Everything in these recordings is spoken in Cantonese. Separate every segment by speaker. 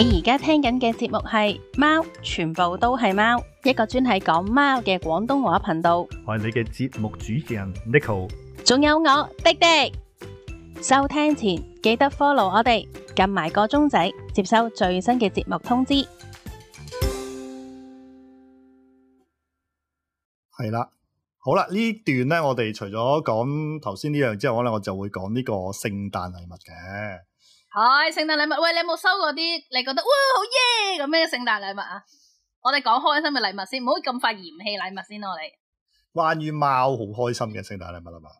Speaker 1: 你而家聽緊嘅節目係《貓》，全部都係貓，一個專係講貓嘅廣東話頻道。
Speaker 2: 我係你嘅節目主持人 Neko，
Speaker 1: 仲有我廸廸。收聽前記得 follow 我哋，撳埋個鐘仔，接收最新嘅節目通知。
Speaker 2: 係啦，好啦，呢段呢，我哋除咗講頭先呢樣之外，可能我就會講呢個聖誕禮物嘅。
Speaker 1: 係聖誕禮物，喂，你有冇收過啲你覺得哇好耶咁咩聖誕禮物啊？我哋講開心嘅禮物先，唔好咁快嫌棄禮物先咯、啊。你
Speaker 2: 關於貓好開心嘅聖誕禮物啦嘛？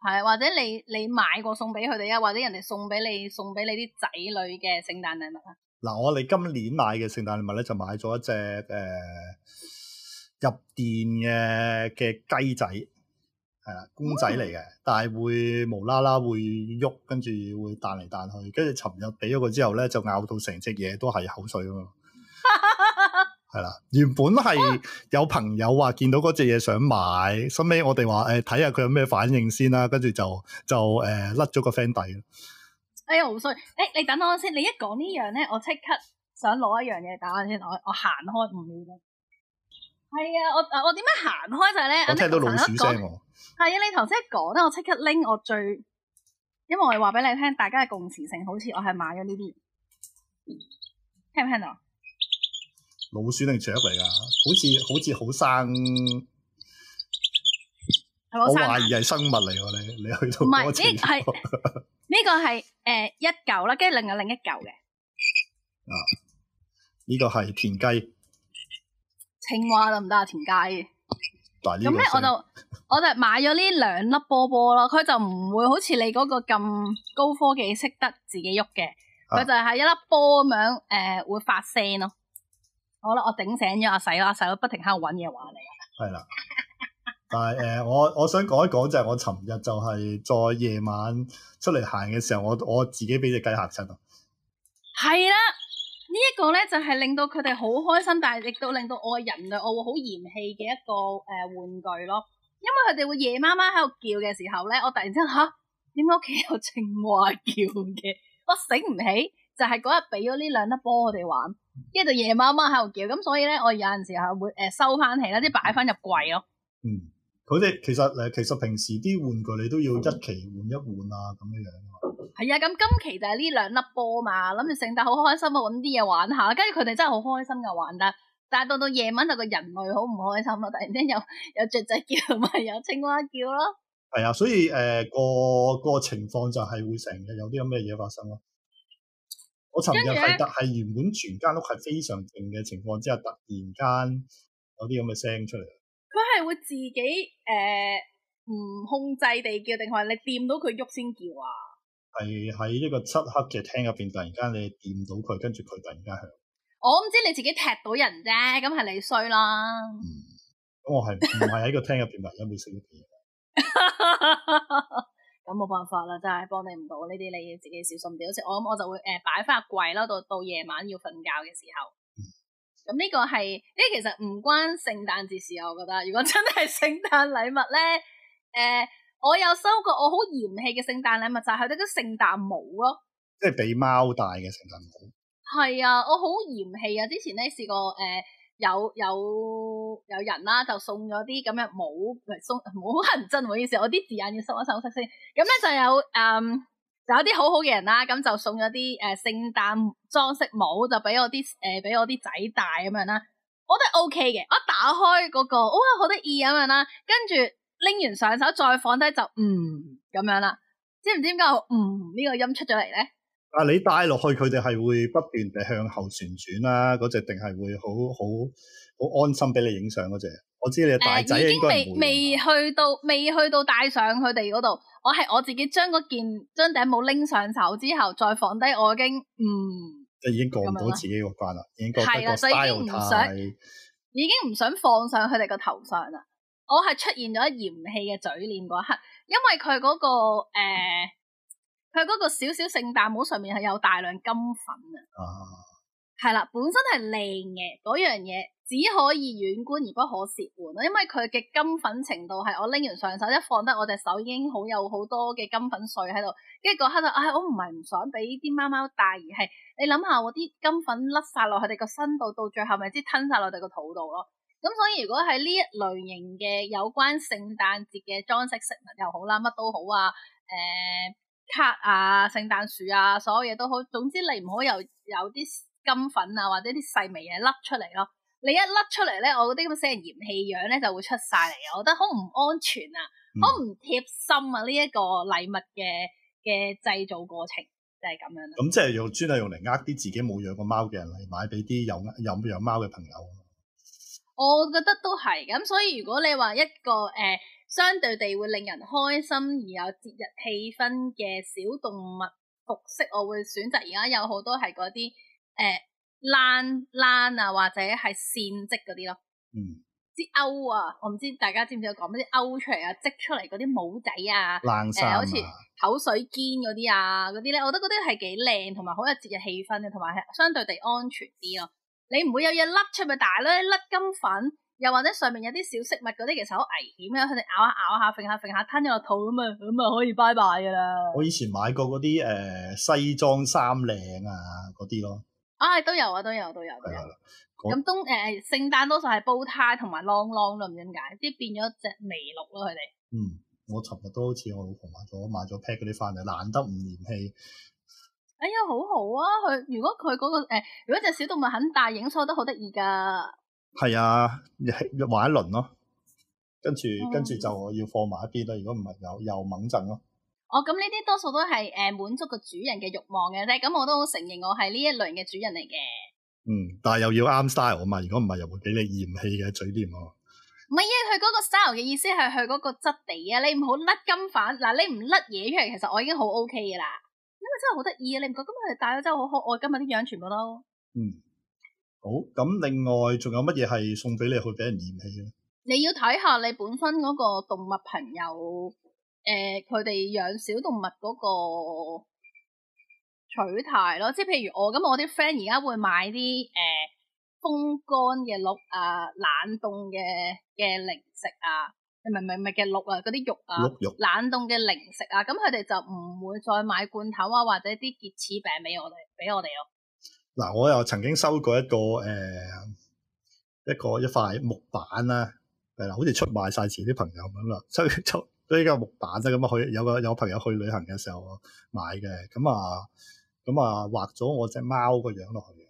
Speaker 1: 係或者你你買過送俾佢哋啊？或者人哋送俾你送俾你啲仔女嘅聖誕禮物啊？
Speaker 2: 嗱、啊，我哋今年買嘅聖誕禮物咧，就買咗一隻誒、呃、入電嘅嘅雞仔。係啦，公仔嚟嘅，但係會無啦啦會喐，跟住會彈嚟彈去，跟住尋日俾咗佢之後咧，就咬到成隻嘢都係口水咁樣。係啦， 原本係有朋友話見到嗰隻嘢想買，收尾我哋話誒睇下佢有咩反應先啦，跟住就就誒甩咗個 friend 底。
Speaker 1: 哎呀，好衰！誒、欸，你等我先，你一講呢樣咧，我即刻想攞一樣嘢打你先，我我行開唔會啦。係啊，我誒，我點解行開就係咧？我聽到老鼠聲喎。係啊，你頭先一講，咧我即刻拎我最，因為我係話俾你聽，大家嘅共時性好，好似我係買咗呢啲，聽唔聽到？
Speaker 2: 老鼠定雀嚟㗎？好似好似好生，
Speaker 1: 啊、我懷疑
Speaker 2: 係生物嚟喎。你你去到唔係呢？係
Speaker 1: 呢、這個係誒、 呃、一嚿啦，跟住另外另一嚿嘅。
Speaker 2: 啊、呢、這個係田雞。
Speaker 1: 青蛙得唔得啊？田
Speaker 2: 雞咁咧，我就
Speaker 1: 我就買咗呢兩粒波波咯。佢就唔會好似你嗰個咁高科技，識得自己喐嘅。佢就係一粒波咁樣誒、呃，會發聲咯。好啦，我頂醒咗阿細佬。阿細佬不停喺度揾嘢玩你。
Speaker 2: 係啦，但係誒，我我想講一講就係我尋日就係在夜晚出嚟行嘅時候，我我自己俾隻雞嚇親啊。
Speaker 1: 係啦。呢一個咧就係，是，令到佢哋好開心，但係亦都令到我人類我會好嫌棄嘅一個誒、呃、玩具咯。因為佢哋會夜媽媽喺度叫嘅時候咧，我突然之間嚇，點解屋企有青蛙叫嘅？我醒唔起，就係嗰日俾咗呢兩粒波我哋玩，跟住就夜媽媽喺度叫，咁所以咧我有陣時候會誒、呃、收翻起啦，即係擺翻入櫃咯。嗯。
Speaker 2: 佢哋其實誒，其實平時啲玩具你都要一期換一換啊，咁樣樣。
Speaker 1: 係啊，咁今期就係呢兩粒波嘛，諗住聖誕好開心啊，揾啲嘢玩下。跟住佢哋真係好開心嘅玩，但但係到到夜晚就個人類好唔開心啊。突然間又有雀仔叫，咪 有青蛙叫咯。
Speaker 2: 係啊，所以誒、呃那個個情況就係會成日有啲咁嘅嘢發生咯。我尋日係特係原本全間屋係非常靜嘅情況之下，突然間有啲咁嘅聲出嚟。
Speaker 1: 會自己誒唔、呃、控制地叫，定係你掂到佢喐先叫啊？
Speaker 2: 係喺一個漆黑嘅廳入邊，突然間你掂到佢，跟住佢突然間響。
Speaker 1: 我唔知你自己踢到人啫，咁係你衰啦。
Speaker 2: 咁、嗯、我係唔係喺個廳入邊，突然間冇聲。
Speaker 1: 咁冇 辦法啦，真係幫你唔到呢啲，你自己小心啲。好似我咁，我就會誒擺翻喺櫃咯，到到夜晚要瞓覺嘅時候。咁呢個係，呢係其實唔關聖誕節事啊！我覺得，如果真係聖誕禮物咧，誒、呃，我有收過我好嫌棄嘅聖誕禮物就係得個聖誕帽咯、
Speaker 2: 哦，即係俾貓戴嘅聖誕帽。
Speaker 1: 係啊，我好嫌棄啊！之前咧試過，誒、呃，有有有人啦、啊，就送咗啲咁樣帽嚟，收，冇認真，唔好意思，我啲字眼要收一收拾先。咁咧 就有嗯。Um, 有啲好好嘅人啦，咁就送咗啲誒聖誕裝飾帽，就俾我啲誒俾我啲仔戴咁樣啦。我覺得 OK 嘅，我打開嗰、嗰個、哦，哇，好得意咁樣啦。跟住拎完上手，再放低就嗯，咁樣啦。知唔知點解我唔呢、嗯呢個音出咗嚟咧？
Speaker 2: 啊，你戴落去佢哋係會不斷地向後旋轉啦、啊，嗰隻定係會好好？好安心俾你影相嗰隻，我知你個大仔、呃、已經未未
Speaker 1: 去到，未去到戴上佢哋嗰度。我係我自己將嗰件將頂帽拎上手之後，再放低，我已經唔，即
Speaker 2: 係已經過唔到自己個關啦，已經覺得個 style 已經
Speaker 1: 唔想，太想放上佢哋個頭上啦。我係出現咗嫌棄嘅嘴臉嗰刻，因為佢嗰、嗰個誒，佢、呃、嗰個小小聖誕帽上面係有大量金粉啊。係啦，本身係靚嘅嗰樣嘢，只可以遠觀而不可褻玩啊！因為佢嘅金粉程度係我拎完上手一放得，我隻手已經好有好多嘅金粉碎喺度，跟住嗰刻就，唉、哎，我唔係唔想俾啲貓貓帶，貓貓而係你諗下我啲金粉甩晒落佢哋個身度，到最後咪即吞晒落佢哋個肚度咯。咁所以如果喺呢一類型嘅有關聖誕節嘅裝飾食物又好啦，乜都好啊，誒、呃，卡啊，聖誕樹啊，所有嘢都好，總之你唔好又有啲。有金粉啊，或者啲細微嘢甩出嚟咯。你一甩出嚟咧，我嗰啲咁死人嫌棄樣咧，就會出晒嚟。我覺得好唔安全啊，好唔貼心啊。呢、這、一個禮物嘅嘅製造過程就係、是、咁樣啦。咁、
Speaker 2: 嗯、即係用專係用嚟呃啲自己冇養過貓嘅人嚟買俾啲有有養貓嘅朋友。
Speaker 1: 我覺得都係咁，所以如果你話一個誒、呃、相對地會令人開心而有節日氣氛嘅小動物服飾，我會選擇而家有好多係嗰啲。誒，攣攣啊，或者係線織嗰啲咯，嗯，啲鈎啊，我唔知大家知唔知道講啲鈎出嚟啊，織出嚟嗰啲帽仔啊，誒、啊欸，好似口水肩嗰啲啊，嗰啲咧，我都覺得係幾靚，同埋好有節日氣氛嘅，同埋係相對地安全啲咯。你唔會有嘢甩出咪大咯，甩金粉，又或者上面有啲小飾物嗰啲，其實好危險嘅，啊，佢哋咬下咬下，揈下揈下，吞咗落肚咁啊，咁啊可以拜拜噶啦。
Speaker 2: 我以前買過嗰啲誒西裝衫領啊，嗰啲咯。
Speaker 1: 啊，都有啊，都有、啊，都有嘅、啊。咁冬誒聖誕多數係煲呔同埋朗朗，都唔知點解，即係變咗隻麋鹿咯，佢哋。嗯，
Speaker 2: 我尋日都好似我老婆買咗買咗 pack 嗰啲翻嚟，懶得唔嫌棄。
Speaker 1: 哎呀，好好啊！佢如果佢嗰個誒，如果隻、那個呃、小動物很大，影相都好得意㗎。係啊，
Speaker 2: 玩一輪咯、啊，跟住 跟住就要放埋一邊啦。如果唔係又又猛陣咯、啊。
Speaker 1: 哦，咁呢啲多數都係誒滿足個主人嘅慾望嘅，即係咁我都好承認我係呢一類嘅主人嚟嘅。嗯，
Speaker 2: 但係又要啱 style 啊嘛，如果唔係又會俾你嫌棄嘅嘴臉哦、啊。
Speaker 1: 唔係，因為佢嗰個 style 嘅意思係佢嗰個質地啊，你唔好甩金粉嗱、啊，你唔甩嘢出嚟，其實我已經好 OK 噶啦，因為真係好得意啊，你唔覺得今日戴咗真係好可愛，今日啲樣全部都嗯
Speaker 2: 好。咁另外仲有乜嘢係送俾你去俾人嫌棄嘅？
Speaker 1: 你要睇下你本身嗰個動物朋友。誒，佢哋養小動物嗰，那個取態咯，即係譬如我咁，我啲 friend 而家會買啲誒、呃、風乾嘅鹿啊、冷凍嘅嘅零食啊，唔係唔係唔係嘅鹿啊，嗰啲肉啊，鹿肉冷凍嘅零食啊，咁佢哋就唔會再買罐頭啊，或者啲潔齒餅俾我哋俾我哋咯。
Speaker 2: 嗱，我又曾經收過一個誒、呃、一個一塊木板啊，係啦，嗱，好似出賣晒錢啲朋友咁啦，所 以所以個木板咧，咁啊去有個有朋友去旅行嘅時候買嘅，咁啊咁啊畫咗我隻貓個樣落去，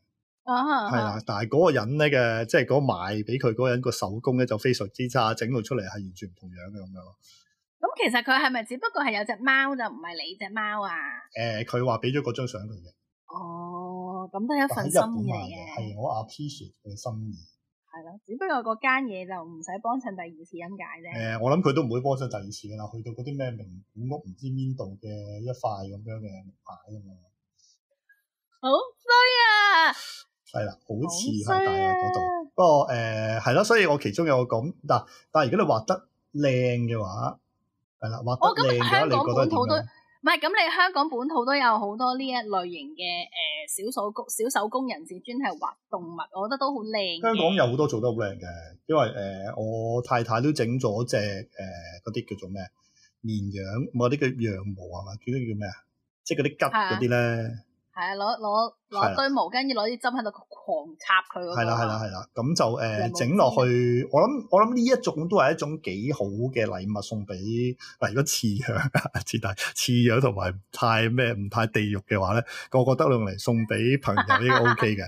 Speaker 2: 哦，
Speaker 1: 係啦，
Speaker 2: 但係嗰個人咧嘅，即係嗰賣俾佢嗰個人個手工咧就非常之差，整到出嚟係完全唔同樣嘅咁樣。
Speaker 1: 咁、嗯、其實佢係咪只不過係有隻貓就唔係你隻貓啊？
Speaker 2: 誒、欸，佢話俾咗嗰張相佢嘅。哦，
Speaker 1: 咁都係一份心意嘅。喺日本買
Speaker 2: 嘅係我 appreciate 嘅心意。
Speaker 1: 只不過嗰間嘢就唔使幫襯第二次咁解啫。誒、呃，
Speaker 2: 我諗佢都唔會幫襯第二次㗎啦。去到嗰啲咩名古屋唔知邊度嘅一塊咁樣嘅木牌啊嘛。
Speaker 1: 好衰啊！
Speaker 2: 係啦，好似喺大陸嗰度。不過誒，係、呃、咯，所以我其中有個咁嗱，但係如果你畫得靚嘅話，係啦，畫得靚嘅話，你覺得點樣？
Speaker 1: 唔係咁，你香港本土都有好多呢一類型嘅誒小手工小手工人士專係畫動物，我覺得都好靚。香港有
Speaker 2: 好多做得好靚嘅，因為誒、呃、我太太都整咗隻誒嗰啲叫做咩綿羊，咁啊啲叫羊毛係嘛？佢啲叫咩啊？即係嗰啲吉嗰啲咧。
Speaker 1: 係啊！攞攞攞堆毛巾，要攞啲針喺度狂插佢。係啦，係
Speaker 2: 啦，係啦。咁就誒整落去。啊、我諗我諗呢一種都係一種幾好嘅禮物送俾，嗱。如果次樣啊，次次樣同埋太咩唔太地獄嘅話咧，呢個我覺得用嚟送俾朋友應該 OK 嘅，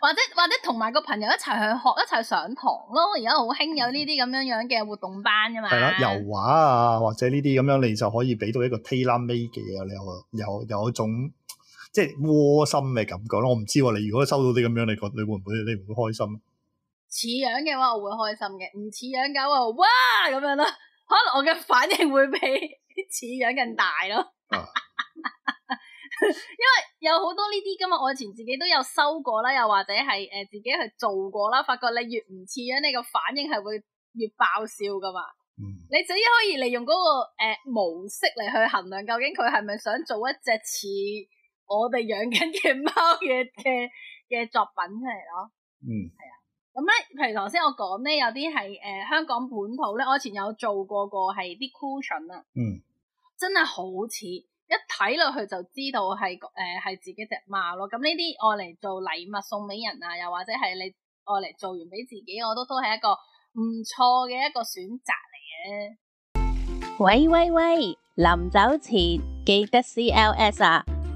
Speaker 1: 或者或者同埋個朋友一齊去學一齊上堂咯。而家好興有呢啲咁樣樣嘅活動班嘅嘛，係啦，油
Speaker 2: 畫啊，或者呢啲咁樣，你就可以俾到一個 tailor-made 嘅嘢，你又又有一種。即係窩心嘅感覺咯，我唔知喎。你如果收到啲咁樣，你覺得你會唔會你唔會開心？
Speaker 1: 似樣嘅話我會開心嘅，唔似樣狗啊，哇咁樣咯。可能我嘅反應會比似樣更大咯。啊、 因為有好多呢啲咁啊，我以前自己都有收過啦，又或者係誒自己去做過啦，發覺你越唔似樣，你個反應係會越爆笑噶嘛。嗯、你自己可以利用嗰、那個誒、呃、模式嚟去衡量究竟佢係咪想做一隻似。我哋養緊嘅貓嘅嘅嘅作品出嚟咯，嗯，係啊。咁咧，譬如頭先我講咧，有啲係誒香港本土咧，我以前有做過過，係啲 cushion 啊，嗯，真係好似一睇落去就知道係誒係自己隻貓咯。咁呢啲用嚟做禮物送俾人啊，又或者係你用嚟做完俾自己，我都都係一個唔錯嘅一個選擇嚟嘅。喂喂喂，臨走前記得 C L S 啊！